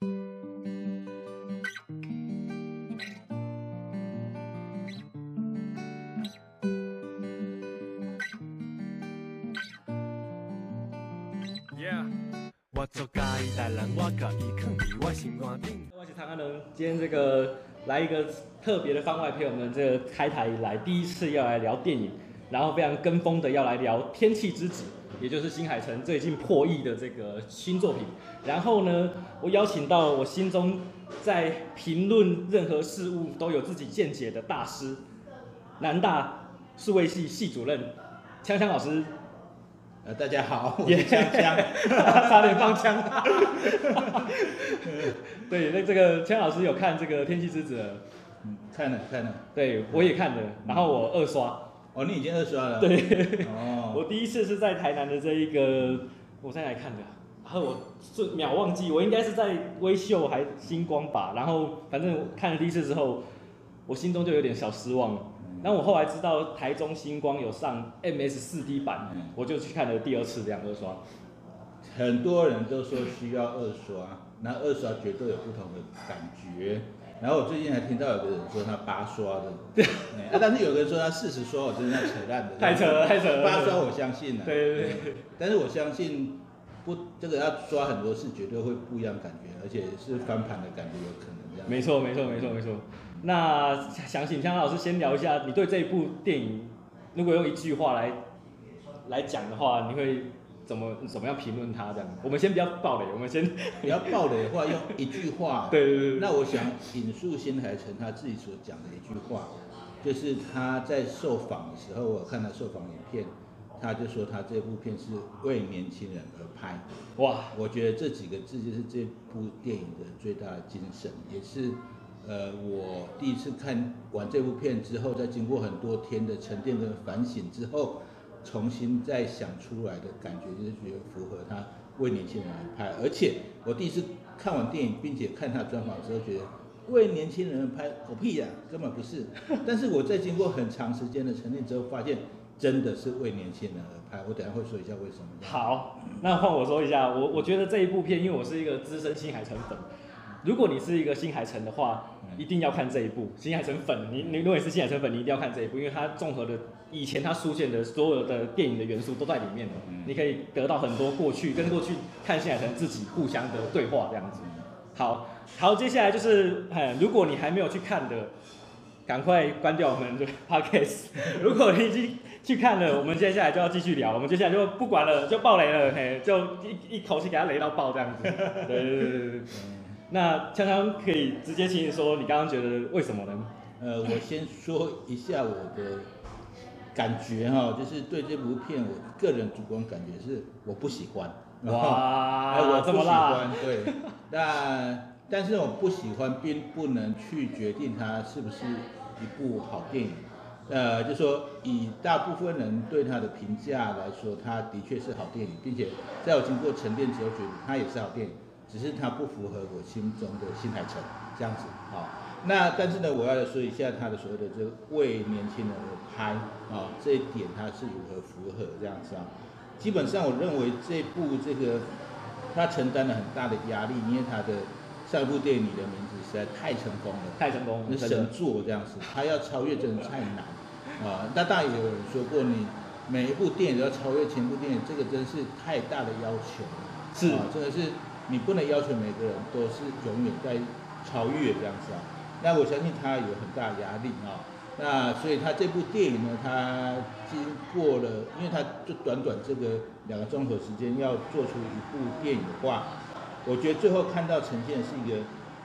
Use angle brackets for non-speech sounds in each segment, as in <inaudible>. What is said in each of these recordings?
我是台灣人，今天這個來一個特別的番外，朋友們，這開台以來第一次要來聊電影，然後非常跟風的要來聊《天氣之子》。也就是新海誠最近破億的這個新作品，然後呢，我邀請到我心中在評論任何事物都有自己見解的大師，南大數位系系主任鏘鏘老師。呃，大家好，我是鏘鏘，差點放槍。對，那這個鏘老師有看這個《天氣之子》？嗯，看了，看了。對，我也看了，然後我二刷。哦，你已經二刷了。對。哦。我第一次是在台南的這一個舞台上看的，然後我瞬秒忘記，我應該是在威秀還新光吧。然後反正看了第一次之後，我心中就有點小失望了。然後我後來知道台中新光有上 MX 四 D 版，我就去看了第二次這樣二刷。很多人都說需要二刷，那二刷絕對有不同的感覺。然後我最近還聽到有個人說他八刷的，但是有個人說他四十刷， <laughs> 我真的要扯爛的，後太扯了，太扯了。八刷我相信了，對對對，對，但是我相信不，這個要刷很多次，絕對會不一樣感覺，而且是翻盤的感覺有可能這樣沒。沒錯沒錯沒錯沒錯。那想請鏘老師先聊一下，你對這部電影，如果用一句話來來講的話，你會。怎麼怎麼樣評論他這樣？我們先不要爆雷，我們先不要爆雷的話，用一句話。 <laughs> 對對對。那我想引述新海誠他自己所講的一句話，就是他在受訪的時候，我看他受訪影片，他就說他這部片是為年輕人而拍。哇，我覺得這幾個字就是這部電影的最大的精神，也是呃，我第一次看完這部片之後，在經過很多天的沉澱跟反省之後。重新再想出來的感覺，就是覺得符合他為年輕人而拍。而且我第一次看完電影，並且看他專訪之後，覺得為年輕人而拍狗屁呀，啊，根本不是。 <laughs> 但是我在經過很長時間的沉澱之後，發現真的是為年輕人而拍。我等下會說一下為什麼。好，那換我說一下，我我覺得這一部片，因為我是一個資深新海誠粉。如果你是一個新海誠的話，一定要看這一部。嗯、新海誠粉，你你如果你是新海誠粉，你一定要看這一部，因為它綜合的以前它出現的所有的電影的元素都在裡面，嗯、你可以得到很多過去跟過去看新海誠自己互相的對話這樣子。好好，接下來就是嘿，如果你還沒有去看的，趕快關掉我們的 podcast。 <laughs> 如果你已經去看了，我們接下來就要繼續聊。嗯、我們接下來就不管了，就爆雷了，嘿，就一一口氣給他雷到爆這樣子。 <laughs> 對對對對。嗯那鏘鏘可以直接請你說，你剛剛覺得為什麼呢？呃，我先說一下我的感覺哈，就是對這部片，我個人主觀感覺是我不喜歡。哇，嗯、我這麼喜歡？對。那但是我不喜歡並不能去決定它是不是一部好電影。呃，就是說以大部分人對它的評價來說，它的確是好電影，並且在我經過沉澱之後覺得它也是好電影。只是他不符合我心中的新海誠這樣子好、哦，那但是呢，我要說一下他的所謂的這個為年輕人而拍啊、哦，這一點他是如何符合這樣子啊。基本上我認為這部這個他承擔了很大的壓力，因為他的上一部電影你的名字實在太成功了，太成功了，那神作這樣子，他要超越真的太難啊。那、哦、當然有人說過你，你每一部電影都要超越前部電影，這個真是太大的要求了，是、哦，真的是。你不能要求每個人都是永遠在超越這樣子啊，那我相信他有很大的壓力啊、哦，那所以他這部電影呢，他經過了，因為他就短短這個兩個鐘頭時間要做出一部電影的話，我覺得最後看到呈現的是一個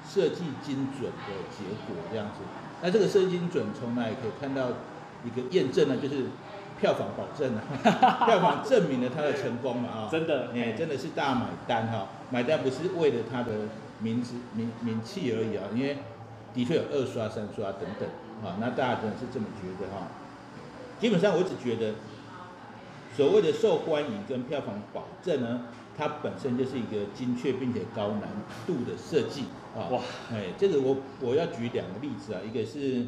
設計精準的結果這樣子，那這個設計精準從哪裡可以看到一個驗證呢？就是。票房保證啊，票房證明了他的成功嘛啊， <laughs> 對哦、真的，哎，真的是大家買單哈、哦，買單不是為了他的名字名名氣而已啊、哦，因為的確有二刷、三刷等等啊、哦，那大家可能真的是這麼覺得哈、哦。基本上我只覺得，所謂的受歡迎跟票房保證呢，它本身就是一個精確並且高難度的設計啊。哦、哇，哎，這個我我要舉兩個例子啊，一個是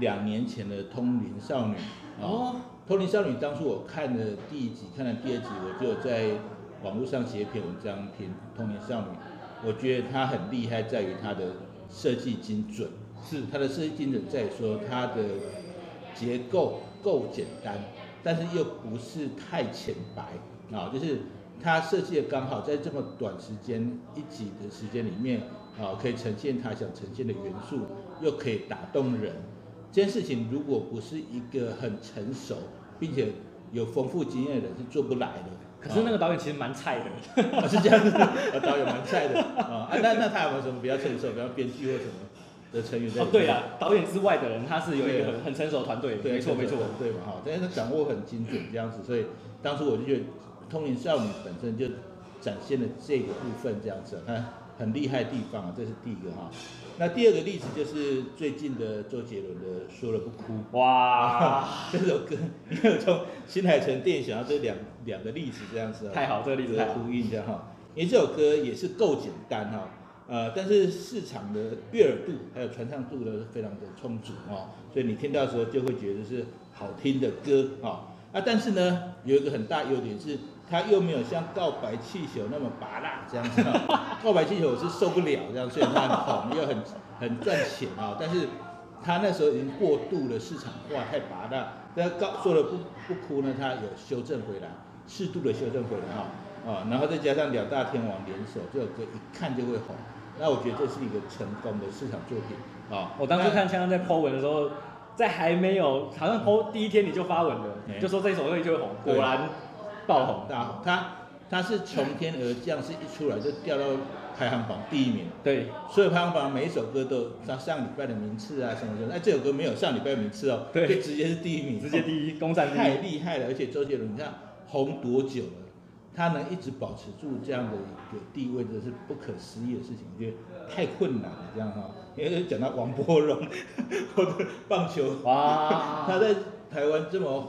兩年前的《通靈少女》啊、哦。哦《通靈少女》當初我看了第一集，看了第二集，我就在網絡上寫一篇文章評《通靈少女》。我覺得她很厲害，在於她的設計精準，是她的設計精準。在於說她的結構夠簡單，但是又不是太淺白啊、哦，就是他設計的剛好在這麼短時間一集的時間裡面啊、哦，可以呈現他想呈現的元素，又可以打動人。這件事情如果不是一個很成熟，並且有豐富經驗的人是做不來的，可是那個導演其實蠻菜的，是這樣子的。導演蠻菜的啊，那那他有沒有什麼比較成熟，對對對比較編劇或什麼的成員在？對啊，導演之外的人，他是有一個很，了很成熟團隊，沒錯沒錯，對嘛。哈，但是他掌握很精準，這樣子，所以當初我就覺得《通靈少女》本身就展現了這個部分，這樣子，很很厲害的地方啊，這是第一個哈。那第二個例子就是最近的周杰倫的《說了不哭》哇、啊，這首歌，因為從新海誠電影想到這兩兩個例子這樣子，太好，這個例子呼應歌好一下哈，因、嗯、為這首歌也是夠簡單哈，呃，但是市場的悅耳度還有傳唱度呢，非常的充足哦，所以你聽到的時候就會覺得是好聽的歌、哦、啊，那但是呢，有一個很大優點是。他又沒有像告白氣球那麼芭樂這樣子， <laughs> 告白氣球我是受不了這樣，雖然它很紅又很很賺錢啊，但是他那時候已經過度的市場化太芭樂。那告說好不不哭呢，他有修正回來，適度的修正回來哈啊，然後再加上兩大天王聯手，這首歌一看就會紅。那我覺得這是一個成功的市場作品啊。哦、但我當時看鏘鏘在 po 文的時候，在還沒有好像 po 第一天你就發文了，嗯、就說這一首歌就會紅，嗯、果然。爆紅，大紅猴、嗯，他他是從天而降，嗯、是一出來就掉到排行榜第一名。對，所以排行榜每一首歌都上，他上禮拜的名次啊什麼的，那、哎、這首歌沒有上禮拜名次哦，就直接是第一名，對後直接第一，攻佔。太厲害了，而且周杰倫你看紅多久了，他能一直保持住這樣的一個地位，這是不可思議的事情，我覺得太困難了這樣哈、哦。因為講到王柏融或者棒球，哇， <laughs> 他在台灣這麼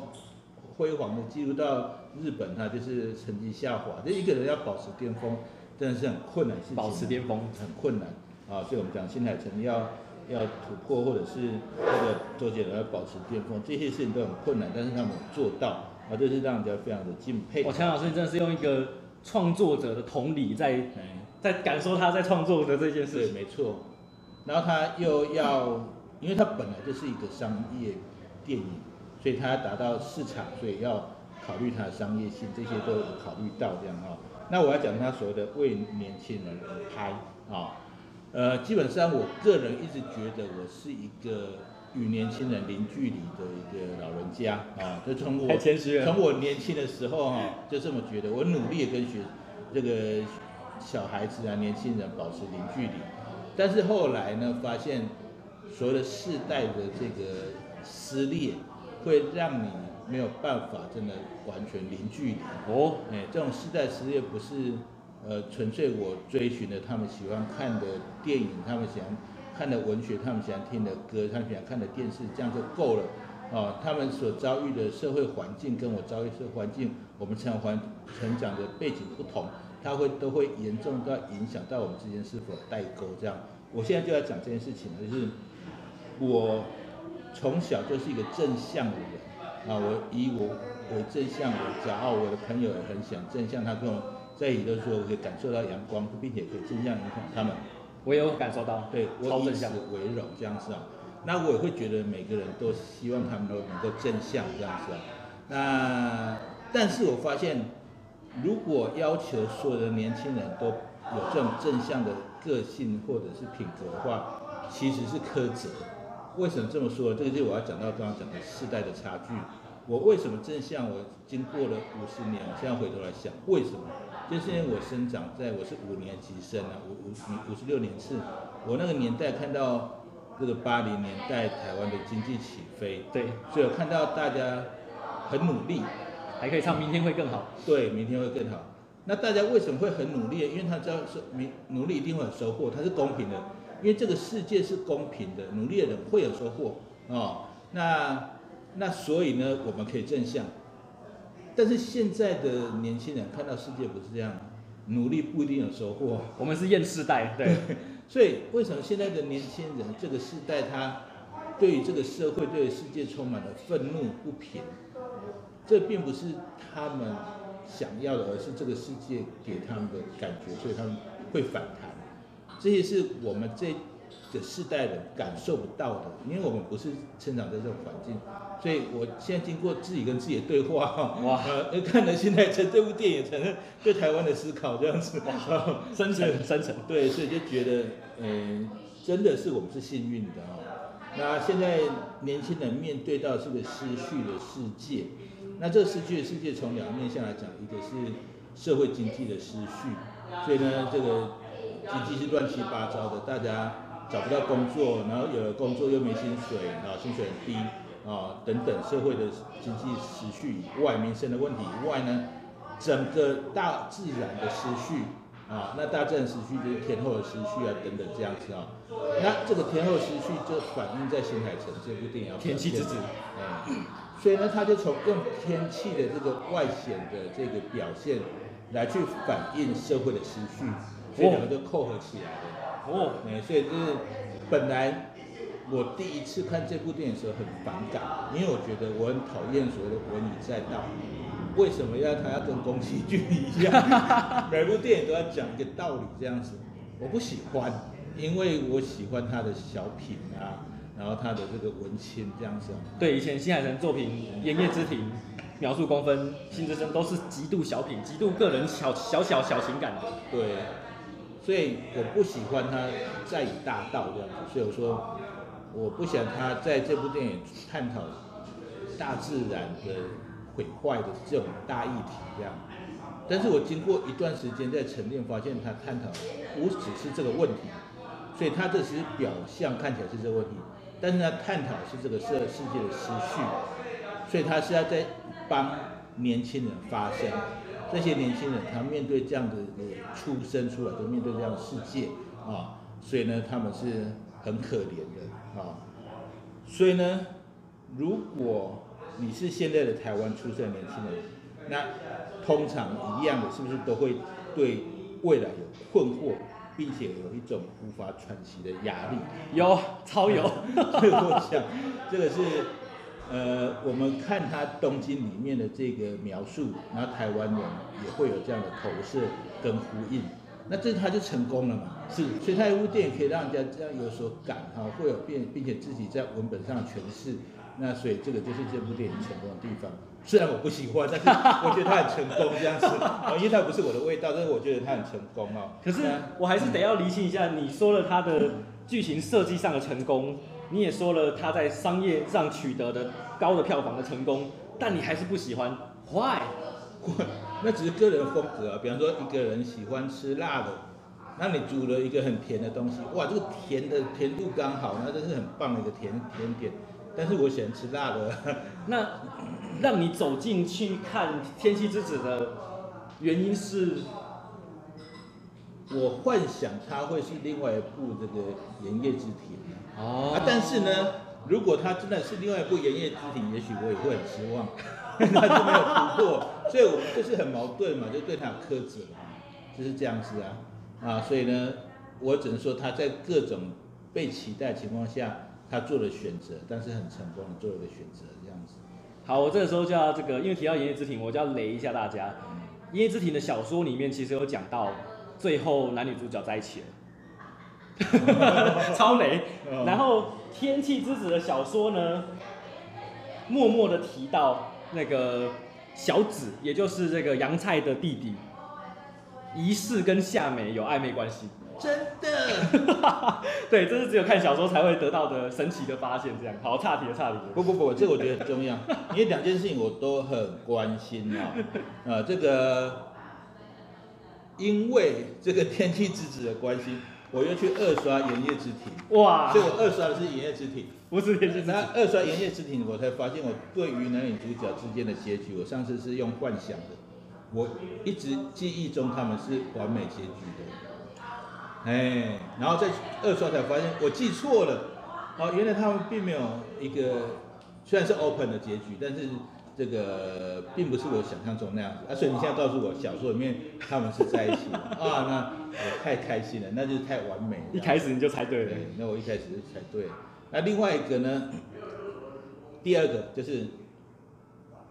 輝煌的記錄到。日本他就是成績下滑，就一個人要保持巔峰，真的是很困難，啊。保持巔峰很困難啊，所以我們講新海誠要要突破，或者是那個周杰倫要保持巔峰，這些事情都很困難，但是他們做到啊，就是讓人家非常的敬佩。哦，鏘老師，你真的是用一個創作者的同理在、嗯、在感受他在創作的這件事情，對，沒錯。然後他又要，因為他本來就是一個商業電影，所以他要達到市場，所以要。考慮它的商業性，這些都有考慮到這樣哈。那我要講他所謂的為年輕人而拍啊，呃，基本上我個人一直覺得我是一個與年輕人零距離的一個老人家啊。就從我從我年輕的時候哈，就這麼覺得，我努力跟學這個小孩子啊、年輕人保持零距離。但是後來呢，發現所謂的世代的這個撕裂，會讓你。沒有辦法，真的完全零距離哦，哎，這種世代失業不是，呃，純粹我追尋的，他們喜歡看的電影，他們喜歡看的文學，他們喜歡聽的歌，他們喜歡看的電視，這樣就夠了啊，哦。他們所遭遇的社會環境跟我遭遇社會環境，我們成長環成長的背景不同，他會都會嚴重到影響到我們之間是否代溝這樣。我現在就要講這件事情，就是我從小就是一個正向的人。啊，我以我為正向為驕傲，我，我的朋友也很想正向，他跟我在一起的時候，我可以感受到陽光，並且可以正向影響他們。我也有感受到，對，我以此為榮，這樣子啊。那我也會覺得每個人都希望他們都能夠正向，這樣子啊。那但是我發現，如果要求所有的年輕人都有這種正向的個性或者是品格的話，其實是苛責。為什麼這麼說？這個就是、我要講到剛剛講的世代的差距。我為什麼正向？我經過了五十年，我現在回頭來想，為什麼？就是因為我生長在我是五年級生啊，五五五五十六年次，我那個年代看到這個八零年代台灣的經濟起飛，對，所以我看到大家很努力，還可以唱明天會更好。對，明天會更好。那大家為什麼會很努力？因為他知道是，努努力一定會有收穫，它是公平的。因為這個世界是公平的，努力的人會有收穫哦，那那所以呢，我們可以正向。但是現在的年輕人看到世界不是這樣，努力不一定有收穫。我們是厭世代，對。 <laughs> 所以為什麼現在的年輕人這個世代他對於這個社會、對於世界充滿了憤怒不平？這並不是他們想要的，而是這個世界給他們的感覺，所以他們會反彈。這些是我們這個世代人感受不到的，因為我們不是成長在這種環境，所以我現在經過自己跟自己的對話，哈，哇，看了新海誠這部電影，成對台灣的思考這樣子，三層成三層成，對，所以就覺得，嗯、呃，真的是我們是幸運的啊。那現在年輕人面對到這個失序的世界，那這個失序的世界從兩面向來講，一個是社會經濟的失序，所以呢，這個。經濟是亂七八糟的，大家找不到工作，然後有了工作又沒薪水啊，薪水很低啊、哦，等等。社會的經濟失序以外，民生的問題以外呢，整個大自然的失序啊，那大自然失序就是天候的失序啊，等等這樣子啊、哦。那這個天候失序就反映在《新海誠》這部電影天氣之子，嗯。所以呢，他就從用天氣的這個外顯的這個表現，來去反映社會的失序。所以兩個都扣合起來了。哦、oh. oh. 嗯，所以就是本來我第一次看這部電影的時候很反感，因為我覺得我很討厭所謂的文以載道，為什麼要他要跟宮崎駿一樣， <laughs> 每部電影都要講一個道理這樣子？我不喜歡，因為我喜歡他的小品啊，然後他的這個文青這樣子。對，以前新海誠作品《言葉、嗯、之庭》、《秒速五公分》、《星之聲》都是極度小品，極度個人小，小小小小情感的。對、啊。所以我不喜歡他在以大道這樣子，所以我說我不想他在這部電影探討大自然的毀壞的這種大議題這樣。但是我經過一段時間在沉澱，發現他探討不只是這個問題，所以他這時表象看起來是這個問題，但是他探討是這個世世界的失序，所以他是要在幫年輕人發聲。那些年輕人，他面對這樣的出生出來，就面對這樣的世界啊，所以呢，他們是很可憐的啊。所以呢，如果你是現在的台灣出生年輕人，那通常一樣的是不是都會對未來有困惑，並且有一種無法喘息的壓力？有，超有。所以我想， <laughs> 這個是。呃，我們看他東京裡面的這個描述，那台灣人也會有這樣的投射跟呼應，那這他就成功了嘛？是，所以他一部電影可以讓人家這樣有所感啊、喔，會有變，並且自己在文本上詮釋，那所以這個就是這部電影成功的地方。雖然我不喜歡，但是我覺得他很成功，這樣子， <laughs> 因為他不是我的味道，但是我覺得他很成功啊、喔。可是我還是得要釐清一下，嗯、你說了他的劇情設計上的成功。你也說了他在商業上取得的高的票房的成功，但你還是不喜歡，Why？哇，那只是個人風格，啊。比方說一個人喜歡吃辣的，那你煮了一個很甜的東西，哇，這個甜的甜度剛好，那真是很棒的一個甜甜點。但是我喜歡吃辣的，那、嗯、讓你走進去看《天氣之子》的原因是，我幻想它會是另外一部這個《言葉之庭》。哦、oh. 啊，但是呢，如果他真的是另外一部言葉之庭，也許我也會很失望，因為他就沒有突破， <laughs> 所以我就是很矛盾嘛，就對他有苛責，就是這樣子啊，啊，所以呢，我只能說他在各種被期待的情況下，他做了選擇，但是很成功的做了個選擇這樣子。好，我這個時候就要這個，因為提到言葉之庭，我就要雷一下大家。言葉之庭的小說裡面其實有講到最後男女主角在一起了。 <laughs> 超美。然後《天氣之子》的小說呢，默默的提到那個小子，也就是這個楊菜的弟弟，疑似跟夏美有曖昧關係。真的？ <laughs> 對，這是只有看小說才會得到的神奇的發現。這樣，好，差題了，差題了。不不不，這個、我覺得很重要，因為兩件事情我都很關心啊。啊，這個，因為這個《天氣之子》的關係。我又去二刷《言葉之庭》哇，所以我二刷的是《言葉之庭》，不是《言葉之庭》。那二刷《言葉之庭》，我才發現我對於男女主角之間的結局，我上次是用幻想的，我一直記憶中他們是完美結局的。哎，然後再二刷才發現我記錯了。哦，原來他們並沒有一個，雖然是 open 的結局，但是。這個並不是我想象中那樣子啊！所以你現在告訴我，小說裡面他們是在一起 <laughs> 啊？那、哦、太開心了，那就是太完美了。 <laughs> 一開始你就猜對了。對，那我一開始就猜對了。 <laughs> 那另外一個呢？第二個就是《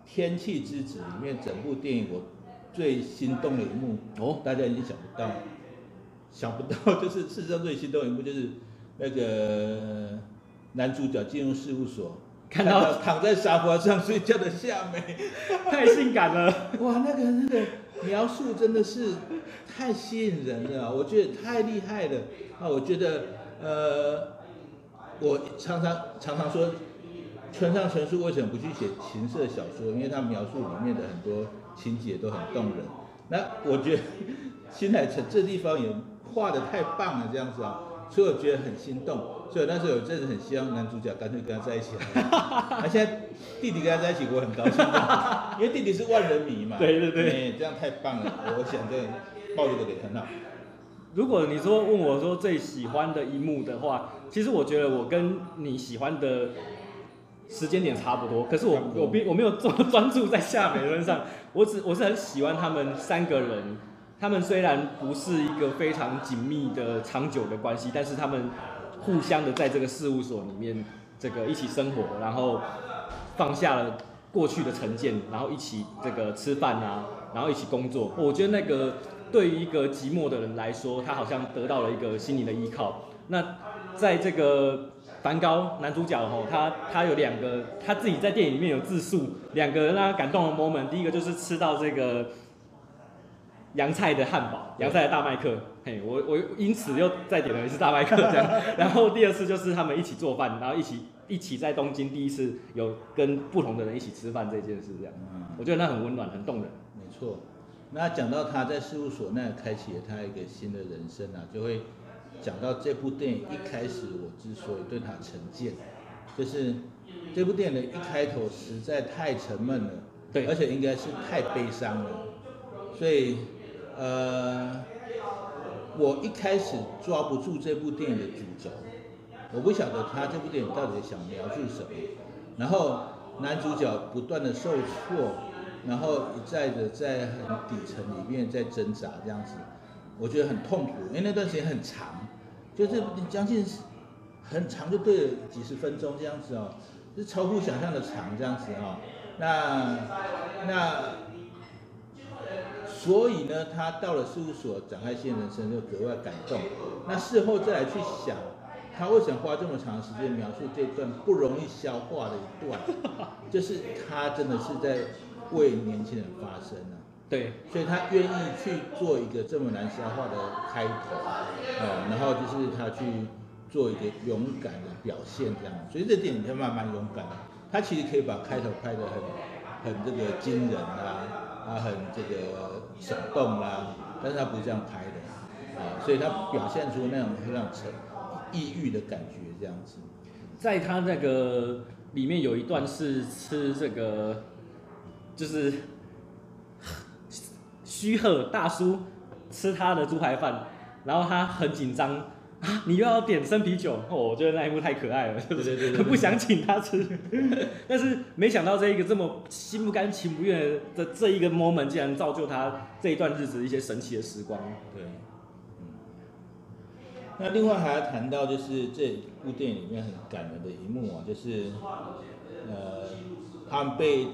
天氣之子》裡面整部電影我最心動的一幕哦，大家已經想不到，想 <laughs> 不到，就是世上最心動一幕就是那個男主角進入事務所。看到躺在沙發上睡覺的夏美，太性感了！哇，那個那個描述真的是太吸引人了，我覺得太厲害了。啊，我覺得，呃，我常常常常說，村上春樹為什麼不去寫情色小說？因為他描述裡面的很多情節都很動人。那我覺得新海誠這地方也畫得太棒了，這樣子啊，所以我覺得很心動。所以那時候我真的很希望男主角乾脆跟他在一起、啊，他、 <laughs> 啊、現在弟弟跟他在一起，我很高興， <laughs> 因為弟弟是萬人迷嘛。對對對，對，這樣太棒了， <laughs> 我想抱這抱宇的臉很好。如果你說問我說最喜歡的一幕的話，其實我覺得我跟你喜歡的時間點差不多，可是我我並我沒有專專注在夏美身上， <laughs> 對我只我是很喜歡他們三個人，他們雖然不是一個非常緊密的長久的關係，但是他們。互相的在這個事務所裡面，這個一起生活，然後放下了過去的成見，然後一起這個吃飯啊，然後一起工作。我覺得那個對於一個寂寞的人來說，他好像得到了一個心靈的依靠。那在這個梵高男主角吼、哦，他他有兩個他自己在電影裡面有自述兩個讓他感動的 moment。第一個就是吃到這個。陽菜的漢堡，陽菜的大麥克，對嘿，我我因此又再點了一次大麥克這樣， <laughs> 然後第二次就是他們一起做飯，然後一起一起在東京第一次有跟不同的人一起吃飯這件事這樣，嗯、我覺得那很溫暖，很動人。沒錯，那講到他在事務所那開啟了他一個新的人生啊，就會講到這部電影一開始我之所以對他成見，就是這部電影的一開頭實在太沉悶了，對而且應該是太悲傷了，所以。呃，我一開始抓不住這部電影的主軸，我不曉得他這部電影到底想描述什麼。然後男主角不斷的受挫，然後一再的在很底層裡面在掙扎這樣子，我覺得很痛苦，因、欸、為那段時間很長，就是將近很長，就對了幾十分鐘這樣子哦，是超乎想象的長這樣子哦，那那。所以呢，他到了事務所展開新人生就格外感動。那事後再來去想，他為什麼花這麼長時間描述這段不容易消化的一段？就是他真的是在為年輕人發聲啊。對，所以他願意去做一個這麼難消化的開頭啊、嗯，然後就是他去做一個勇敢的表現這樣。所以這電影就慢慢勇敢了。他其實可以把開頭拍得很很這個驚人啊啊，很這個。手動啦，但是他不是這樣拍的啊，啊所以他表現出那種非常沉抑鬱的感覺這樣子。在他那個裡面有一段是吃這個，就是須賀大叔吃他的豬排飯，然後他很緊張。啊、你又要點生啤酒，哦，我覺得那一幕太可愛了，是不是？ <laughs> 不想請他吃，但是沒想到這一個這麼心不甘情不願的這一個 moment，竟然造就他這一段日子一些神奇的時光。對、嗯，那另外還要談到就是這部電影裡面很感人的一幕啊、哦，就是呃，他們被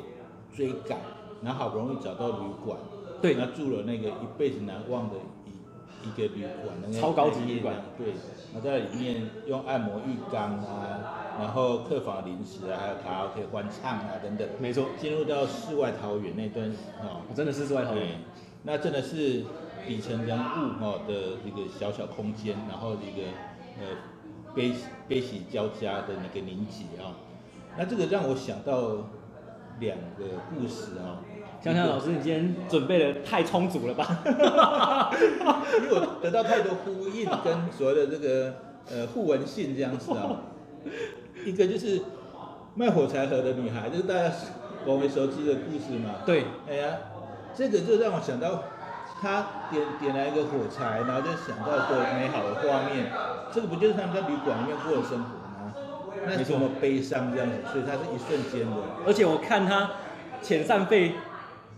追趕，然後好不容易找到旅館，對，然後住了那個一輩子難忘的。一個旅館，兩、那個超高級旅館，對，那在裡面用按摩浴缸啊，然後客房零食啊，還有卡拉 OK 歡唱啊等等，沒錯錯，進入到世外桃源那段、哦、啊，真的是世外桃源，那真的是底層人物啊、哦、的一個小小空間，然後一個呃悲喜悲喜交加的那個情節啊，那這個讓我想到兩個故事啊。哦鏘鏘老師，你今天準備得太充足了吧？ <laughs> 因為我得到太多呼應跟所謂的這個 <laughs> 呃互文性這樣子啊、喔。 <laughs> 一個就是賣火柴盒的女孩，就是大家我們熟知的故事嘛。對，哎呀，這個就讓我想到，她點點燃一個火柴，然後就想到多美好的畫面。這個不就是他們在旅館裡面過的生活嗎？那是我們悲傷這樣子，錯所以它是一瞬間的。而且我看她遣散費。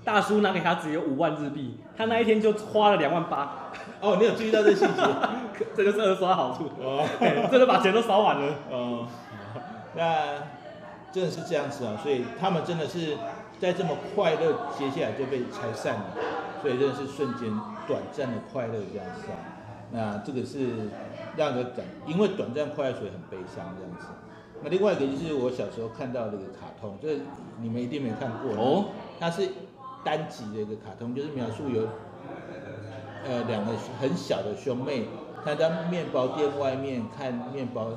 大叔拿給他只有五萬日幣，他那一天就花了兩萬八。哦，你有注意到這細節， <laughs> 這個是二刷好處，真的、哦欸、把錢都刷完了。哦， <laughs> 那真的是這樣子啊，所以他們真的是在這麼快樂，接下來就被拆散了，所以真的是瞬間短暫的快樂這樣子啊。那這個是讓人感，因為短暫快樂所以很悲傷這樣子。那另外一個就是我小時候看到那個卡通，就是你們一定沒看過哦，它是。單集的一個卡通，就是描述有，呃，兩個很小的兄妹，他在麵包店外面看麵包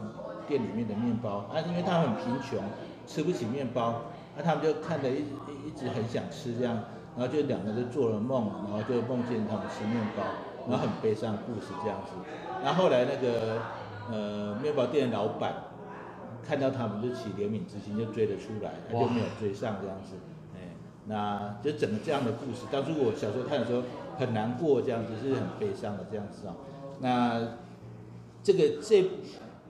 店裡面的麵包，啊，因為他們很貧窮，吃不起麵包，那、啊、他們就看着一直一直很想吃這樣，然後就兩個人做了夢，然後就夢見他們吃麵包，然後很悲傷的故事這樣子，然後後來那個呃麵包店的老闆看到他們就起憐憫之心，就追了出來，他就沒有追上這樣子。那就整個這樣的故事，當初我小時候看的時候很難過，這樣子是很悲傷的這樣子啊、喔。那這個這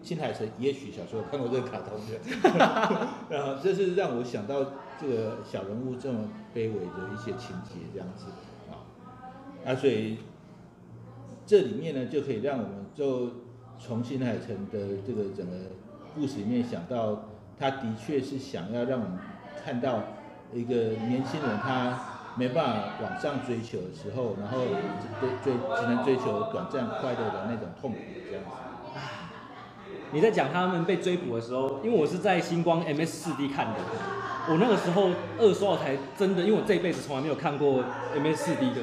新海誠也許小時候看過這個卡通片， <laughs> <laughs> 然後這是讓我想到這個小人物這麼卑微的一些情節這樣子啊。那所以這裡面呢，就可以讓我們就從新海誠的這個整個故事裡面想到，他的確是想要讓我們看到。一個年輕人他沒辦法往上追求的時候，然後追追只能追求短暫快樂的那種痛苦這樣子。你在講他們被追捕的時候，因為我是在新光 MX4D 看的，我那個時候二十二才真的，因為我這輩子從來沒有看過 MX4D 的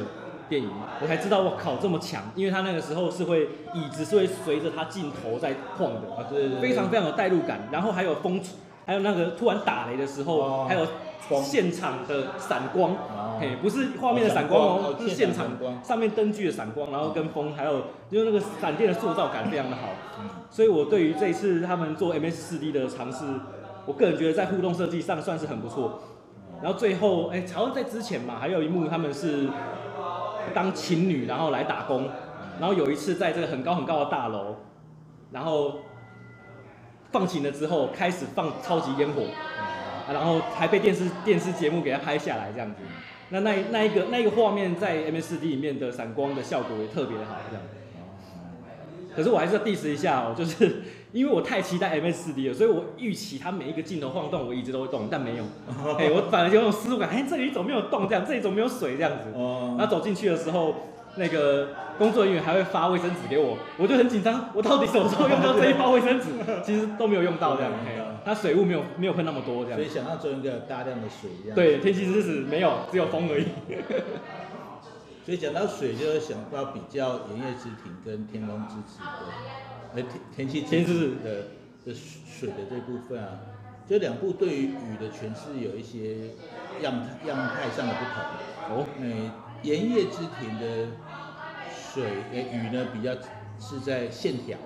電影，我才知道我靠這麼強，因為他那個時候是會椅子是會隨着他鏡頭在晃的，啊對對對，非常非常有代入感，然後還有風，還有那個突然打雷的時候，哦、還有。光現場的閃光，啊、嘿，不是畫面的閃光哦、喔，光是現場上面燈具的閃光，嗯、然後跟風還有，就是那個閃電的塑造感非常的好，嗯、所以我對於這一次他們做 MX4D 的嘗試，我個人覺得在互動設計上算是很不錯。然後最後，哎、欸，好像在之前嘛，還有一幕他們是當情侶，然後來打工，然後有一次在這個很高很高的大樓，然後放晴了之後開始放超級煙火。啊、然後還被電視電視節目給他拍下來這樣子，那那那一個那一個畫面在 MX4D 裡面的閃光的效果也特別好這樣。可是我還是要 diss 一下哦，就是因為我太期待 MX4D 了，所以我預期它每一個鏡頭晃動，我一直都會動，但沒有。哎， <laughs> 我反而有種失誤感，哎，這裡怎麼沒有動？這樣，這裡怎麼沒有水？這樣子。哦。那走進去的時候，那個工作人員還會發衛生紙給我，我就很緊張，我到底什麼時候用到這一包衛生紙？ <laughs> 其實都沒有用到這樣。嘿它水霧沒有沒有噴那麼多，這樣，所以想到做一個大量的水一樣。對，天氣之子沒有，只有風而已。 <laughs> 所以想到水，就會想到比較《言葉之庭》跟《天氣之子》的，誒，天天氣之子的的水的這部分啊，這兩部對於雨的詮釋有一些樣樣態上的不同的。哦、oh. 嗯，誒，《言葉之庭》的水誒、欸、雨呢比較是在線條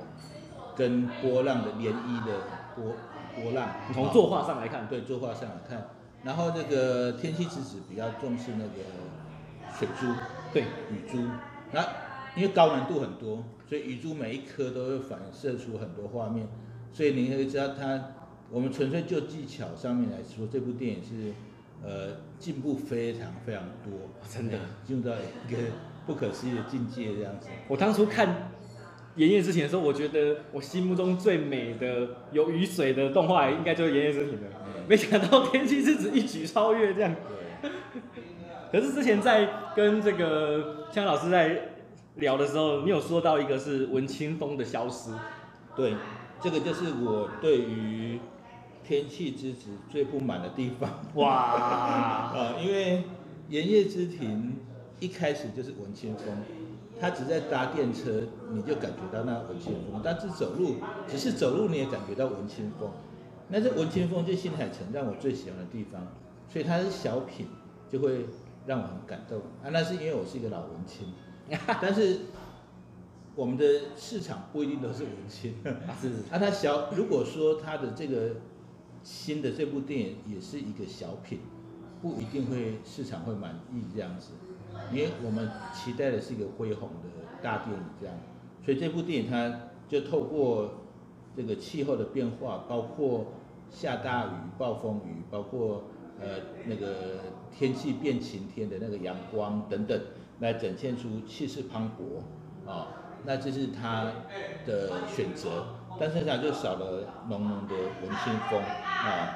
跟波浪的漣漪的波。波浪，從作畫上來看，對，作畫上來看，然後那個天氣之子比較重視那個水珠，對，雨珠，那因為高難度很多，所以雨珠每一顆都會反射出很多畫面，所以你會知道它，我們純粹就技巧上面來說，這部電影是，呃，進步非常非常多，真的進入到一個不可思議的境界這樣子。我當初看。《言葉之庭》的時候，我覺得我心目中最美的有雨水的動畫，應該就是《言葉之庭》的。沒想到《天氣之子》一舉超越這樣。對可是之前在跟這個鏘老師在聊的時候，你有說到一個是文青風的消失，對，這個就是我對於《天氣之子》最不滿的地方。哇，呃，因為《言葉之庭》一開始就是文青風。他只在搭電車，你就感覺到那個文青風；但是走路，只是走路你也感覺到文青風。那這文青風就新海誠讓我最喜歡的地方，所以他的小品就會讓我很感動啊。那是因為我是一個老文青，但是我們的市場不一定都是文青。 <laughs> 是啊，他小如果說他的這個新的這部電影也是一個小品，不一定會市場會滿意這樣子。因為我們期待的是一個恢宏的大電影這樣，所以這部電影它就透過這個氣候的變化，包括下大雨、暴風雨，包括呃那個天氣變晴天的那個陽光等等，來展現出氣勢磅礴啊、哦。那這是它的選擇，但是它就少了濃濃的文青風啊、哦。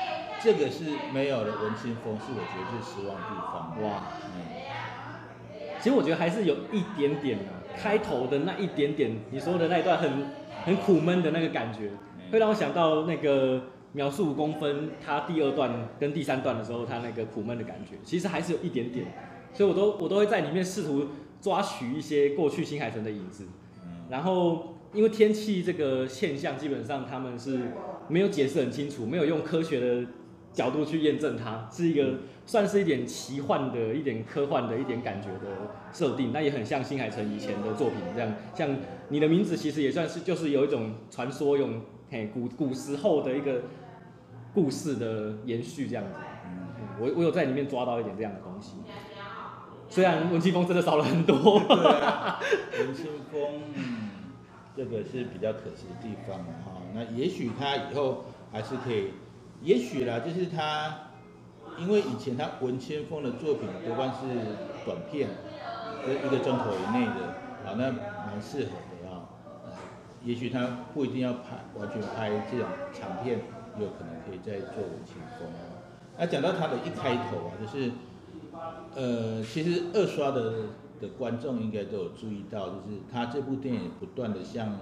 那。這個是沒有的文青風，是我覺得最失望的地方哇。嗯、其實我覺得還是有一點點的，開頭的那一點點你說的那一段很很苦悶的那個感覺，會讓我想到那個秒速五公分，他第二段跟第三段的時候，他那個苦悶的感覺，其實還是有一點點，所以我都我都會在裡面試圖抓取一些過去新海誠的影子。嗯、然後因為天氣這個現象，基本上他們是沒有解釋很清楚，沒有用科學的，角度去驗證它是一個，算是一點奇幻的、一點科幻的、一點感覺的設定，那也很像新海誠以前的作品這樣。像你的名字其實也算是，就是有一種傳說、用，嘿古古時候的一個故事的延續這樣子。嗯、我我有在裡面抓到一點這樣的東西，雖然文青風真的少了很多。啊、 <laughs> 文青風、嗯，這個是比較可惜的地方、啊、那也許他以後還是可以。也許啦，就是他，因為以前他文青風的作品多半是短片，就是、一個鐘頭以內的，好，那蠻適合的啊、哦呃。也許他不一定要拍完全拍這種長片，有可能可以再做文青風、哦、那講到他的一開頭啊，就是，呃，其實二刷的的觀眾應該都有注意到，就是他這部電影不斷地向。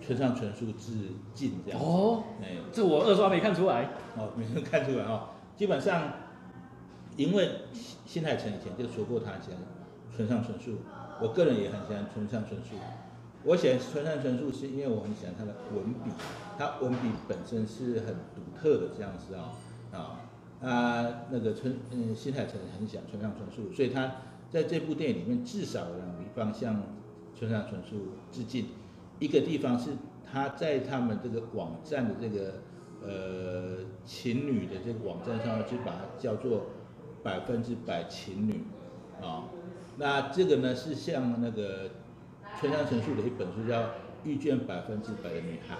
村上春樹致敬這樣哦，有、嗯，這我二刷沒看出來哦，沒有看出來哦。基本上，因為新新海誠以前就說過他家村上春樹，我個人也很喜歡村上春樹。我喜歡村上春樹是因為我很喜歡他的文筆，他文筆本身是很獨特的這樣子啊、哦哦、啊。他那個村嗯新海誠很喜歡村上春樹，所以他在這部電影裡面至少有兩方向村上春樹致敬。一個地方是他在他們這個網站的這個呃情侶的這個網站上，去把它叫做百分之百情侶啊、哦。那這個呢是像那個村上春樹的一本書叫《遇見百分之百的女孩》。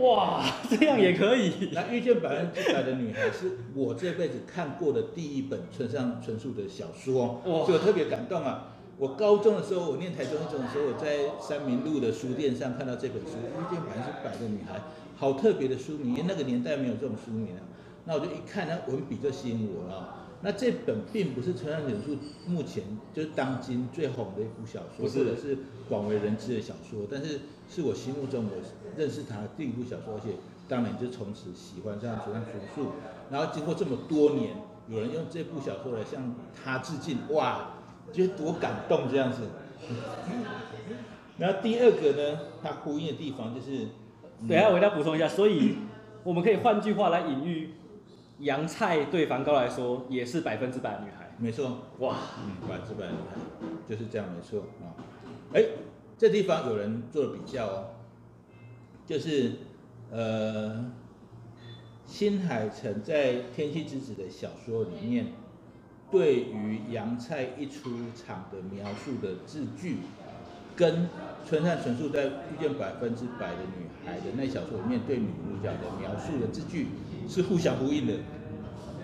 哇，這樣也可以。嗯、那《遇見百分之百的女孩》 <laughs> 是我這輩子看過的第一本村上春樹的小說、哦，哦、所以我特別感動啊。我高中的時候，我念台中一中的時候，我在三民路的書店上看到這本書，遇見百分之百的女孩，好特別的書名，因為那個年代沒有這種書名啊。那我就一看，那文筆就吸引我了。那這本並不是村上春樹，目前就是當今最紅的一部小說，或者是廣為人知的小說，但是是我心目中我認識他第一部小說，而且當年就從此喜歡上村上春樹。然後經過這麼多年，有人用這部小說來向他致敬，哇！就是多感動這樣子， <laughs> 然後第二個呢，它呼應的地方就是，等、嗯、下、啊、我給大家補充一下，所以我們可以換句話來隱喻，陽菜對帆高來說也是百分之百的女孩。沒錯錯，哇、嗯，百分之百的女孩就是這樣，沒錯啊。哎、哦欸，這地方有人做了比較哦，就是呃，新海誠在《天氣之子》的小說裡面。對於陽菜一出場的描述的字句，跟村上春樹在《遇見百分之百的女孩》的那小說裡面對女主角的描述的字句是互相呼應的，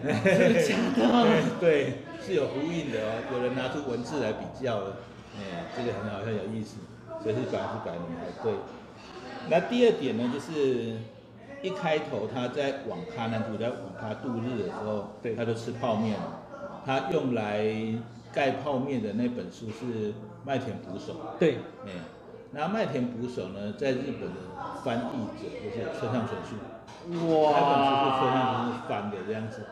真的假的？ <laughs> 對？對，是有呼應的哦。有人拿出文字來比較了，哎，這個很好，很有意思。所以是百分之百女孩？對。那第二點呢，就是一開頭他在網咖，男主在網咖度日的時候，對，他就吃泡麵了。他用來蓋泡面的那本書，是《麥田捕手》。對，那、欸《麥田捕手》呢，在日本的翻譯者就是村上春樹。哇！這本書是村上春樹翻的這樣子。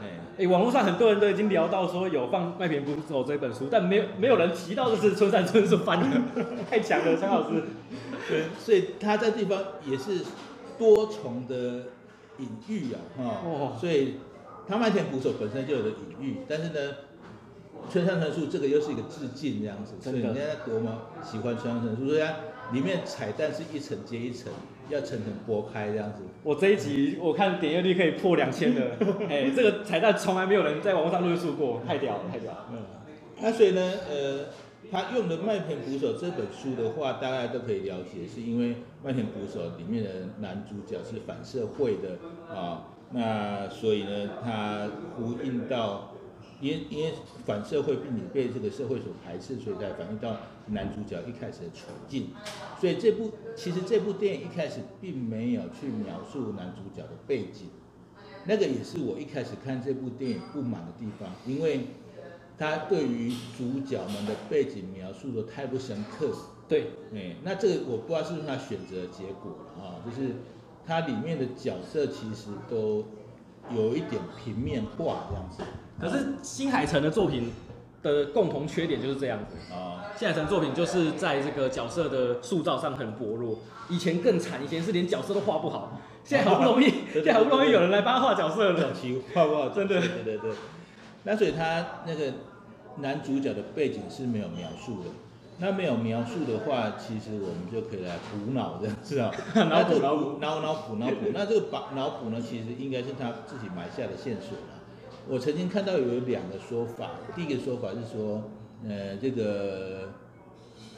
哎、欸、哎、欸，網絡上很多人都已經聊到說有放《麥田捕手》這本書，但沒有沒有人提到的是村上春樹翻的，太強了，陳 <laughs> 老師。對，所以他在地方也是多重的隱喻啊，哈，哦、所以。他麥田捕手本身就有的隱喻，但是呢，村上春樹這個又是一個致敬這樣子，的所以人家多麼喜歡村上春樹，所以啊，裡面彩蛋是一層接一層，要層層剝開這樣子。我這一集、嗯、我看點閱率可以破兩千的，哎、 <laughs> 欸，這個彩蛋從來沒有人在網絡上論述過 <laughs> 太屌了，太屌太屌。嗯，那所以呢，呃，他用的《麥田捕手》這本書的話，大概都可以了解，是因為《麥田捕手》裡面的男主角是反社會的啊。呃那所以呢，它呼應到，因因反社會病理被這個社會所排斥，所以才反映到男主角一開始的處境。所以這部其實這部電影一開始並沒有去描述男主角的背景，那個也是我一開始看這部電影不滿的地方，因為他對於主角們的背景描述的太不深刻。對，哎，那這個我不知道是不是他選擇的結果了啊、哦，就是。它裡面的角色其實都有一點平面化這樣子，可是新海誠的作品的共同缺點就是這樣子啊。新海誠作品就是在這個角色的塑造上很薄弱，以前更慘，以前是連角色都畫不好，啊，現在好不容易，對對對對現在好不容易有人來幫他畫角色了。畫不好，真的。對對對。那所以他那個男主角的背景是沒有描述的。他沒有描述的話，其實我們就可以來補腦的，是啊，腦補 <laughs> 補、腦補、腦腦補、腦補。那這個“補腦補腦補腦補那這個把腦補呢，其實應該是他自己埋下的線索啦。我曾經看到有兩個說法，第一個說法是說，呃，這個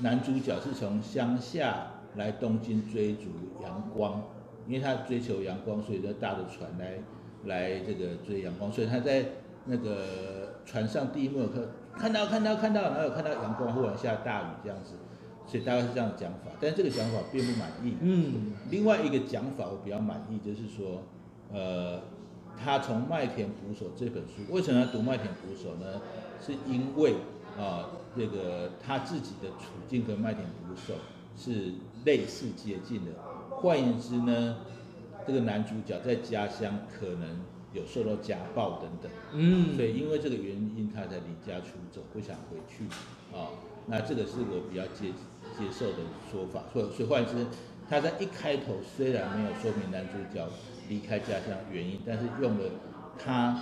男主角是從鄉下來東京追逐陽光，因為他追求陽光，所以他搭的船來來這個追陽光，所以他在那個船上第一幕看到看到看到，哪有看，看到陽光忽然下大雨這樣子，所以大概是這樣的講法。但這個講法並不滿意。嗯。另外一個講法我比較滿意，就是說，呃，他從《麥田捕手》這本書，為什麼要讀《麥田捕手》呢？是因為啊、呃，這個他自己的處境跟《麥田捕手》是類似接近的。換言之呢，這個男主角在家鄉可能。有受到家暴等等，嗯，所以因為這個原因，他才離家出走，不想回去啊，哦。那這個是我比較接接受的說法，所以所以換言之，他在一開頭雖然沒有說明男主角離開家鄉原因，但是用了他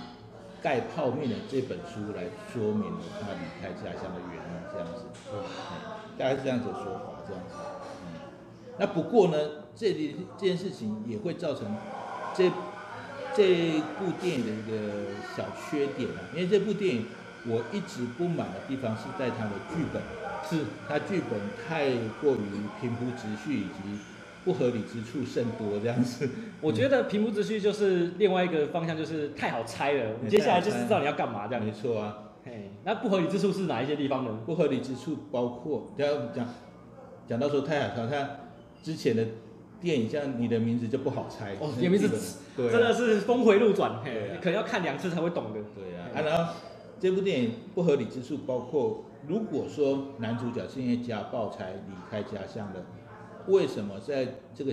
蓋泡麵的這本書來說明了他離開家鄉的原因，這樣子。嗯，大概是這樣子的說法，這樣子。嗯，那不過呢，這裡這件事情也會造成這這部電影的一個小缺點啊，因為這部電影我一直不滿的地方是在它的劇本，是它劇本太過於平鋪直敘以及不合理之處甚多這樣子。我覺得平鋪直敘就是另外一個方向，就是太好猜了，嗯、接下來就知道你要幹嘛這樣子。沒錯啊。那不合理之處是哪一些地方呢？不合理之處包括，講講講，講到說太好他他之前的。電影像你的名字就不好猜，哦，你的名字，啊、真的是峰回路轉，嘿、你，可能要看兩次才會懂的。對啊，對啊，然後這部電影不合理之處包括，如果說男主角是因為家暴才離開家鄉的，為什麼在這個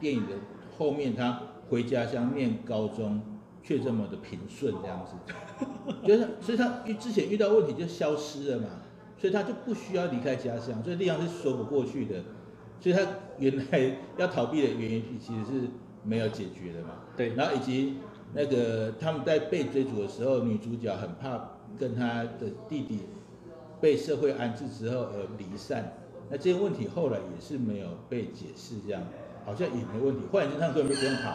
電影的後面他回家鄉念高中卻這麼的平順這樣子？ <laughs> 就是，所以他遇之前遇到問題就消失了嘛，所以他就不需要離開家鄉，所以這樣是說不過去的。所以他原來要逃避的原因其實是沒有解決的嘛。對，然後以及那個他們在被追逐的時候，女主角很怕跟她的弟弟被社會安置之後而離散。那這些問題後來也是沒有被解釋，這樣好像也沒問題。換言之，他們根本不用跑。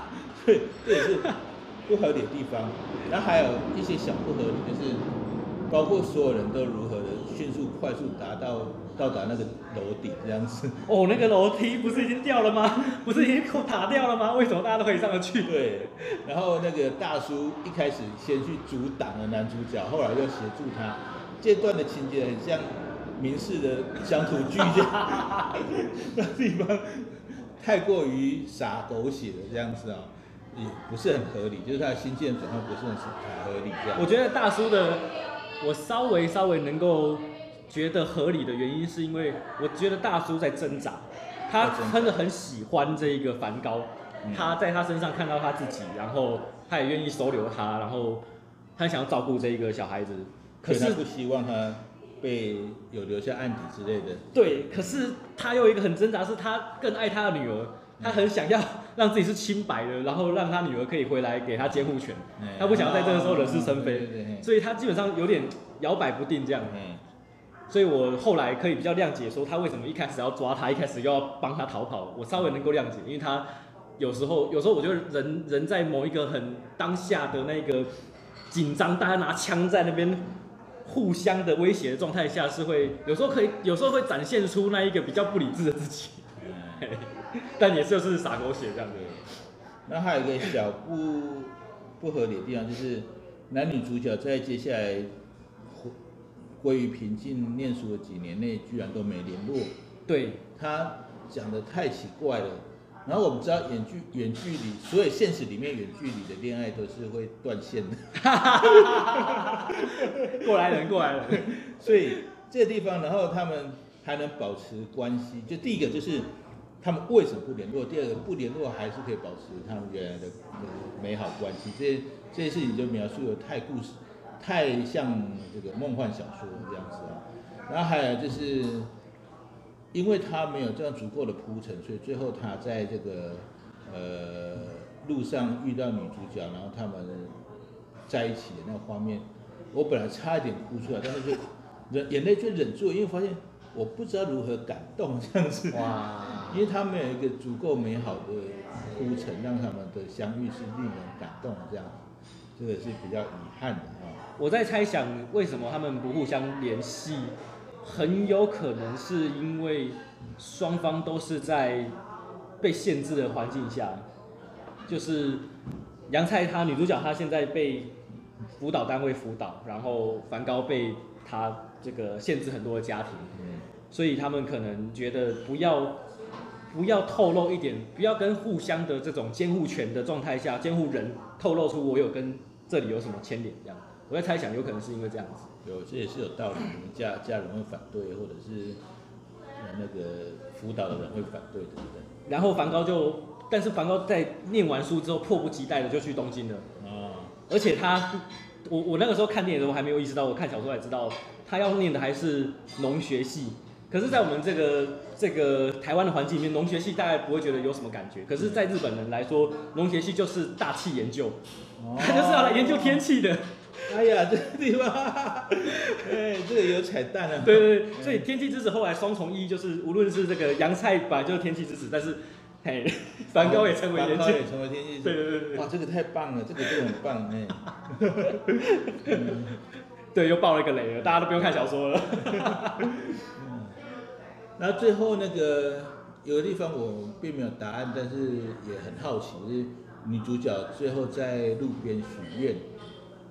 <laughs> <laughs> 對，這也是不合理的地方。然後還有一些小不合理，就是包括所有人都如何的迅速快速達到。到達那個樓頂這樣子哦，oh, 那個樓梯不是已經掉了嗎？不是已經打掉了嗎？為什麼大家都可以上得去？對耶。 <laughs> 然後那個大叔一開始先去阻擋了男主角，後來又協助他。這段的情節很像民視的鄉土劇，那地方太過於灑狗血了這樣子啊、喔，也不是很合理，就是他心境轉換不是很合理這樣。 <laughs> 我覺得大叔的，我稍微稍微能夠。覺得合理的原因是因為我覺得大叔在掙扎，他真的很喜歡這一個帆高，他在他身上看到他自己，然後他也願意收留他，然後他想要照顧這一個小孩子，可是他不希望他被有留下案底之類的。對，可是他又有一個很掙扎，是他更愛他的女兒，他很想要讓自己是清白的，然後讓他女兒可以回來給他監護權，嗯、他不想要在這個時候惹是生非，嗯嗯嗯嗯嗯、所以他基本上有點搖擺不定這樣。所以我後來可以比較諒解，說他為什麼一開始要抓他，一開始又要幫他逃跑，我稍微能夠諒解，因為他有時候，有時候我覺得人人在某一個很當下的那個緊張，大家拿槍在那邊互相的威脅的狀態下，是會有時候可以，有時候會展現出那一個比較不理智的自己， <laughs> 但也就是灑狗血這樣子。 <laughs> 那還有一個小不不合理的地方就是，男女主角在接下來。歸於平靜，唸書的幾年內居然都沒聯絡，對，他講的太奇怪了。然後我們知道遠距遠距離，所以現實裡面遠距離的戀愛都是會斷線的。 <laughs> 過來人，過來人。所以這個地方，然後他們還能保持關係，就第一個就是他們為什麼不聯絡，第二個不聯絡還是可以保持他們原來的美好關係。這些這些事情就描述的太故事。太像這個夢幻小說這樣子啊，然後還有就是，因為他沒有這樣足夠的鋪陳，所以最後他在這個呃路上遇到女主角，然後他們在一起的那個畫面，我本來差一點哭出來，但是就忍眼淚就忍住，因為發現我不知道如何感動這樣子，因為他沒有一個足夠美好的鋪陳，讓他們的相遇是令人感動這樣子，這個是比較遺憾的哈、啊。我在猜想為什麼他們不互相聯繫，很有可能是因為雙方都是在被限制的環境下，就是陽菜她，女主角她現在被輔導單位輔導，然後帆高被他這個限制很多的家庭，所以他們可能覺得不要不要透露一點，不要跟互相的這種監護權的狀態下，監護人透露出我有跟這裡有什麼牽連這樣。我在猜想，有可能是因為這樣子，有這也是有道理，家家人會反對，或者是那個輔導的人會反對，對不對？然後帆高就，但是帆高在念完書之後，迫不及待的就去東京了。啊、哦！而且他，的我我那個時候看電影的時候還沒有意識到，我看小說才知道，他要念的還是農學系。可是，在我們這個、嗯、這個台灣的環境裡面，農學系大概不會覺得有什麼感覺。可是，在日本人來說，農、嗯、學系就是大氣研究，哦、他就是要來研究天氣的。哎呀，這個地方，哎，這個有彩蛋啊。對對對，所以《天氣之子》後來雙重意義就是，無論是這個陽菜本來就是《天氣之子》，但是，嘿，梵高也成為也成為天氣《天氣之子》。對對對，對哇，這個太棒了，這個就很棒哎。 <laughs> 嗯、對，又爆了一個雷了，大家都不用看小說了。嗯，那最後那個有的地方我並沒有答案，但是也很好奇，就是女主角最後在路邊許願。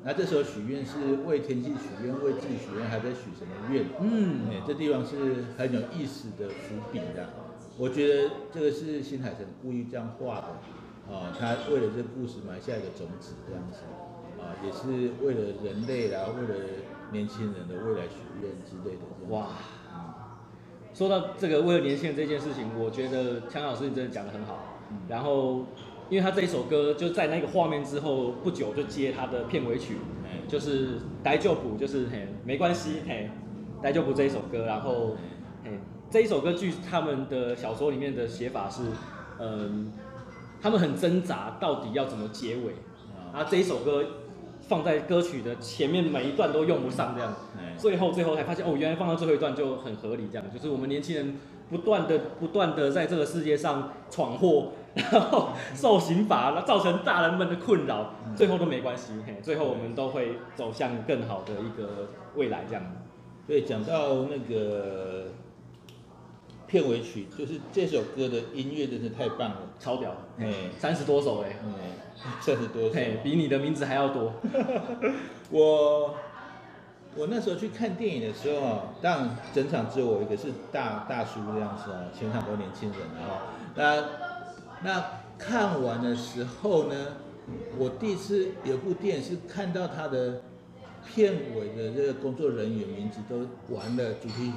那這時候許願是為天氣許願，為自己許願，還在許什麼願？嗯、欸，這地方是很有意思的伏筆這樣。我覺得這個是新海誠故意這樣畫的啊，他為了這個故事埋下一個種子這樣子啊，也是為了人類啊，為了年輕人的未來許願之類的。哇、嗯，說到這個為了年輕人這件事情，我覺得鏘老師你真的講得很好，嗯、然後。因為他這一首歌就在那個畫面之後不久就接他的片尾曲，嘿就是《大丈夫》就是嘿，沒關係，嘿，《大丈夫》這一首歌。然後，嘿，嘿這一首歌據他們的小說裡面的寫法是，嗯、呃，他們很掙扎，到底要怎麼結尾。啊、哦，然後這一首歌放在歌曲的前面，每一段都用不上，這樣，嘿最後最後才發現，哦，原來放到最後一段就很合理，這樣。就是我們年輕人不斷的不斷的在這個世界上闖禍。 <laughs> 然後受刑罰，那造成大人們的困擾，嗯、最後都沒關係，嗯、嘿，最後我們都會走向更好的一個未來，這樣子。對，講到那個片尾曲，就是這首歌的音樂，真的太棒了，超屌，哎嘿，三十嘿多首、欸，哎，三十多首，比你的名字還要多。要多 <laughs> 我我那時候去看電影的時候啊，當然整場只有我一個是大大叔這樣子哦、啊，全場都年輕人的、啊那看完的時候呢，我第一次有部電視看到他的片尾的這個工作人員名字都完了，主題曲、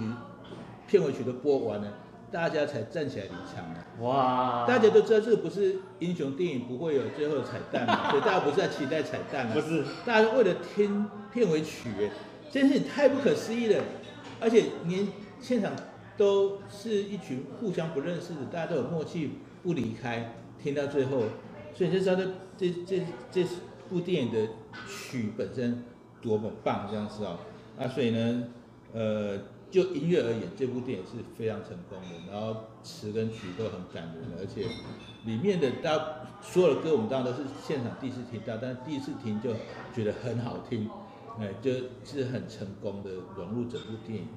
片尾曲都播完了，大家才站起來離場的。哇 Wow.、嗯！大家都知道，這不是英雄電影不會有最後的彩蛋嘛，所以 <laughs> 大家不是在期待彩蛋嘛，啊？ <laughs> 不是，大家都為了聽片尾曲、欸，真是太不可思議了。而且連現場都是一群互相不認識的，大家都有默契。不離開，聽到最後，所以你就知道這這這，這部電影的曲本身多麼棒，這樣子啊、哦，那所以呢，呃，就音樂而言，這部電影是非常成功的。然後詞跟曲都很感人，而且裡面的大家所有的歌，我們當然都是現場第一次聽到，但是第一次聽就覺得很好聽，哎，就是很成功的融入整部電影。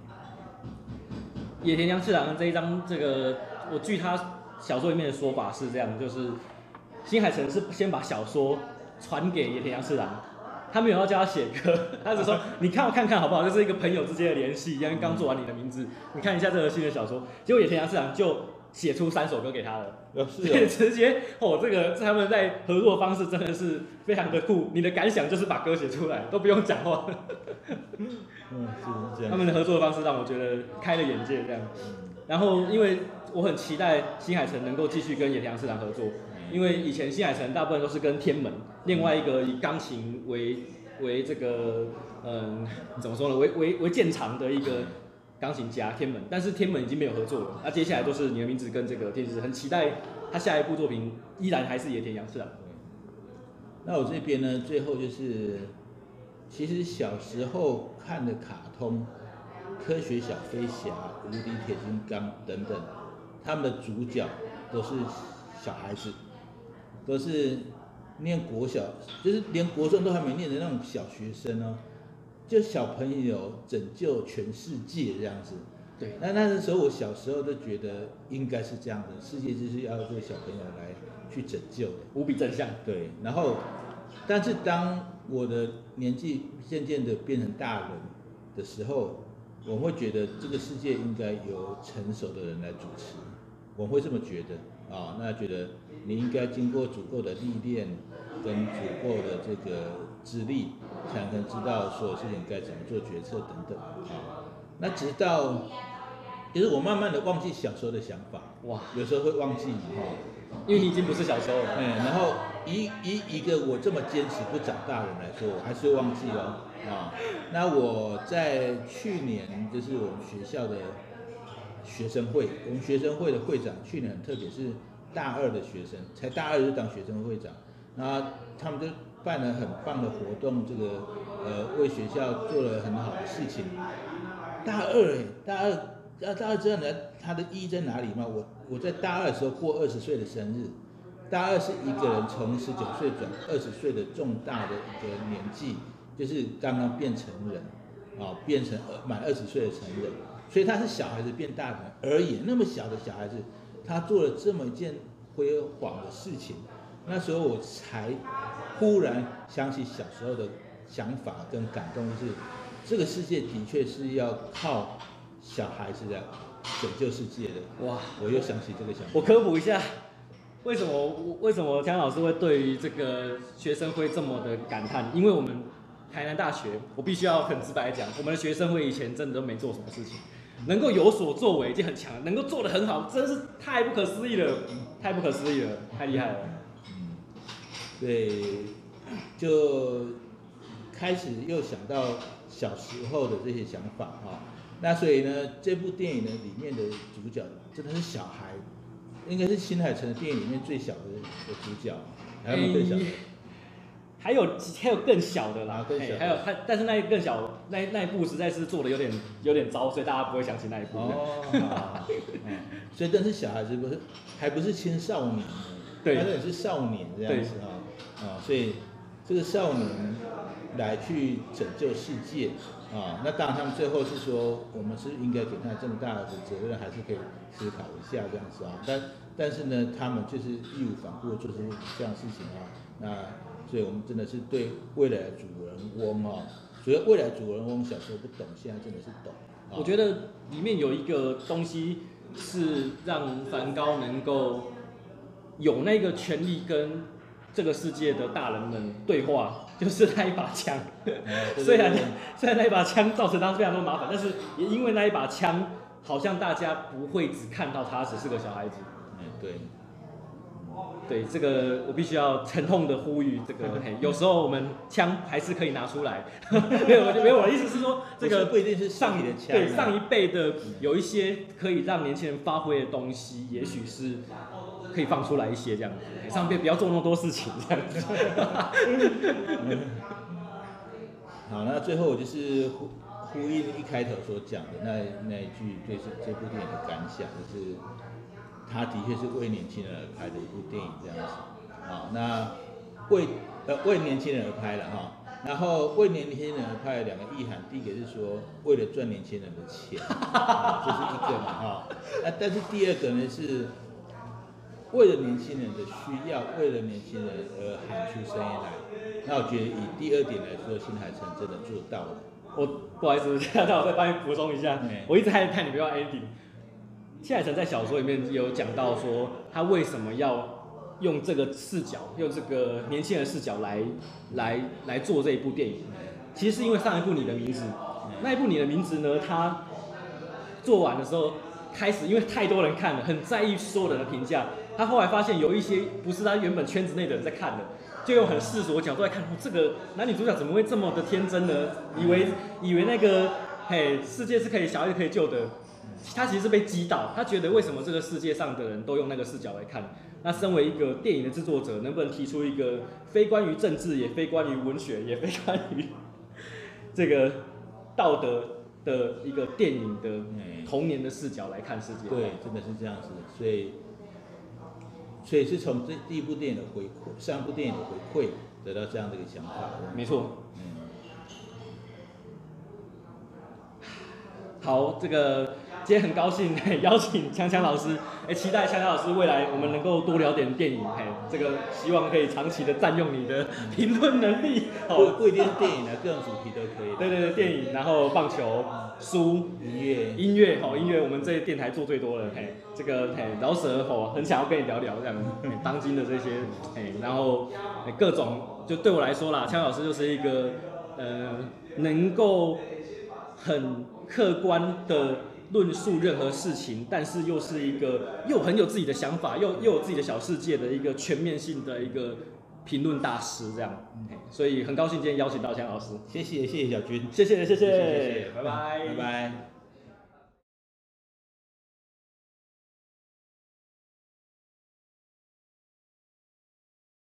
野田洋次郎這一張，這個我據他。小說裡面的說法是這樣的，就是新海誠是先把小說傳給野田洋次郎，他沒有要叫他寫歌，他只說你看我看看好不好，就是一個朋友之間的聯繫一樣，剛、嗯、做完你的名字，你看一下這個新的小說，結果野田洋次郎就寫出三首歌給他了。哦哦、所以直接哦，這個他們在合作的方式真的是非常的酷，你的感想就是把歌寫出來都不用講話， <laughs> 嗯、是這樣他們的合作的方式讓我覺得開了眼界這樣，然後因為。我很期待新海誠能夠繼續跟野田洋次郎合作，因為以前新海誠大部分都是跟天門，另外一個以鋼琴為為這個嗯，怎麼說呢，為為為建廠的一個鋼琴家天門，但是天門已經沒有合作了，那、啊、接下來就是你的名字跟這個天子，很期待他下一部作品依然還是野田洋次郎。那我這邊呢，最後就是其實小時候看的卡通，科學小飛俠、無敵鐵金剛等等。他們的主角都是小孩子，都是念國小，就是連國中都還沒念的那種小學生哦，就小朋友拯救全世界這樣子。對，那那時候我小時候都覺得應該是這樣的，世界就是要這個小朋友來去拯救的，無比正向。對，然後，但是當我的年紀漸漸的變成大人的時候，我會覺得這個世界應該由成熟的人來主持。我會這麼覺得啊、哦，那覺得你應該經過足夠的歷練跟足夠的這個資歷，才能知道所有事情該怎麼做決策等等。啊、哦、那直到其實我慢慢的忘記小時候的想法，哇，有時候會忘記哈，哦、因為你已經不是小時候了。哎、嗯嗯，然後以以一個我這麼堅持不長大的人來說，我還是會忘記哦。啊、哦，那我在去年就是我們學校的。學生會，我們學生會的會長去年特別，是大二的學生，才大二就當學生會長，然後他們就辦了很棒的活動，這個呃為學校做了很好的事情。大二、欸，誒，大二，那、啊、大二這樣的，他的意義在哪裡嗎？我我在大二的時候過二十歲的生日，大二是一個人從十九歲轉二十歲的重大的一個年紀，就是剛剛變成人，啊，變成滿二十歲的成人。所以他是小孩子變大的而已。那麼小的小孩子，他做了這麼一件輝煌的事情，那時候我才忽然想起小時候的想法跟感動是，是這個世界的確是要靠小孩子的拯救世界的。哇！我又想起這個想法我。我科普一下，為什麼我為什麼鏘老師會對於這個學生會這麼的感嘆？因為我們台南大學，我必須要很直白講，我們的學生會以前真的都沒做什麼事情。能夠有所作為就很強，能夠做得很好，真是太不可思議了，太不可思議了，太厲害了。嗯，對，就開始又想到小時候的這些想法哈。那所以呢，這部電影呢，裡面的主角真的是小孩，應該是新海誠電影裡面最小的主角，還是最小的。欸？還有還有更小的啦，哎、啊，還有他，但是那一更小那那一部實在是做得有點有點糟，所以大家不會想起那一部。哦、 <laughs> 所以但是小孩子不是還不是青少年，對，他是，是少年這樣子對啊，啊，所以這個少年來去拯救世界啊，那當然他們最後是說我們是應該給他這麼大的責任，還是可以思考一下這樣子啊，但但是呢，他們就是義無反顧的做這這樣的事情啊，那、啊。對我們真的是對未來主人翁啊、哦！所以未來主人翁小時候不懂，現在真的是懂。哦、我覺得裡面有一個東西是讓帆高能夠有那個權利跟這個世界的大人們對話，嗯、就是那一把槍。嗯、對對對對，雖然雖然那一把槍造成他非常多麻煩，但是也因為那一把槍，好像大家不會只看到他只是個小孩子。嗯，對。對這個，我必須要沉痛的呼籲，這個有時候我們槍還是可以拿出來。 <laughs> 沒有，沒有，我的意思是說，這個上不一定是的槍，啊、上一的槍，對上一輩的有一些可以讓年輕人發揮的東西，也許是可以放出來一些這樣子。上輩不要做那麼多事情這樣子。 <laughs> 好，那最後我就是呼呼應一開頭所講的那那一句對這這部電影的感想，就是。他的確是為年輕人而拍的一部電影這樣子，好，那為呃為年輕人而拍了哈，然後為年輕人而拍了兩個意涵，第一個是說為了賺年輕人的錢，這、 <laughs> 哦就是一個嘛哈，那但是第二個呢是，為了年輕人的需要，為了年輕人而喊出聲音來，那我覺得以第二點來說，新海誠真的做到了。我不好意思，讓我再幫你補充一下，嗯、我一直還怕你不要 ending。新海誠在小說裡面有講到說，他為什麼要用這個視角，用這個年輕人視角來來來做這一部電影？其實是因為上一部《你的名字》，那一部《你的名字》呢，他做完的時候，開始因為太多人看了，很在意所有人的評價。他後來發現有一些不是他原本圈子內的人在看的，就用很世俗的角度來看，這個男女主角怎麼會這麼的天真呢？以為以為那個嘿世界是可以小孩可以救的。他其實是被擊倒。他覺得為什麼這個世界上的人都用那個視角來看？那身為一個電影的制作者，能不能提出一個非關於政治、也非關於文學、也非關於這個道德的一個電影的童年的視角來看世界？嗯、對，真的是這樣子。所以，所以是從這第一部電影的回饋，三部電影的回饋，得到這樣的一個想法。啊、沒錯。嗯、好，這個。今天很高興邀請鏘鏘老師，哎、欸，期待鏘鏘老師未來我們能夠多聊點電影，嘿、欸，這個希望可以長期的佔用你的評論能力。不不 <laughs> 一定電影的，各種主題都可以。 <laughs> 對對對，電影，然後棒球、書、音樂、喔、音樂，好，音樂我們這些電台做最多了，嘿、欸，這個嘿，饒舌、欸，吼，很想要跟你聊聊這樣，當今的這些，嘿、欸，然後、欸、各種，就對我來說啦，鏘鏘老師就是一個，呃，能夠很客觀的。論述任何事情，但是又是一個又很有自己的想法，又又有自己的小世界的一個全面性的一個評論大師，這樣。嗯、所以很高興今天邀請到鏘老師。謝謝謝謝小軍，謝謝謝謝，拜拜拜拜。拜拜。